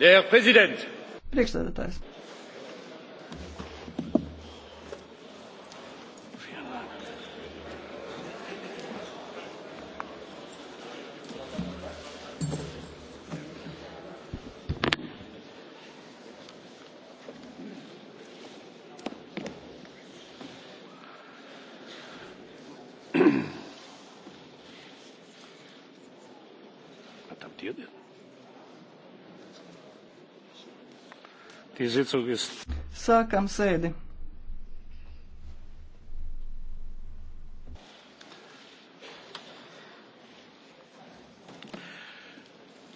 Der Präsident. Priekšsēdētājs. adaptiert werden. Sākam sēdi.